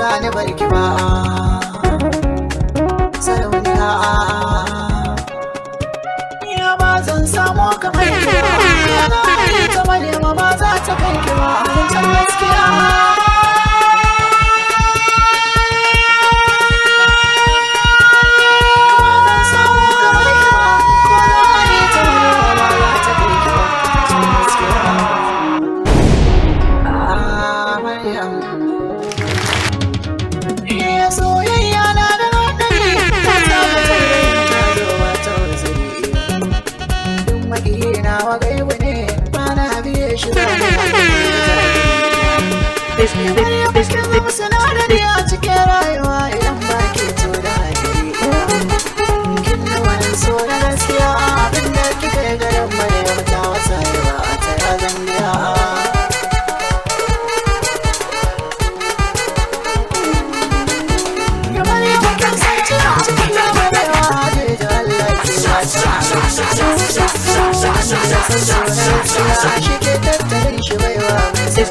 za barki ba sarauniya ya ba zan samo kamar ki ya zama nema ba za ta kai ki ba a gaskiya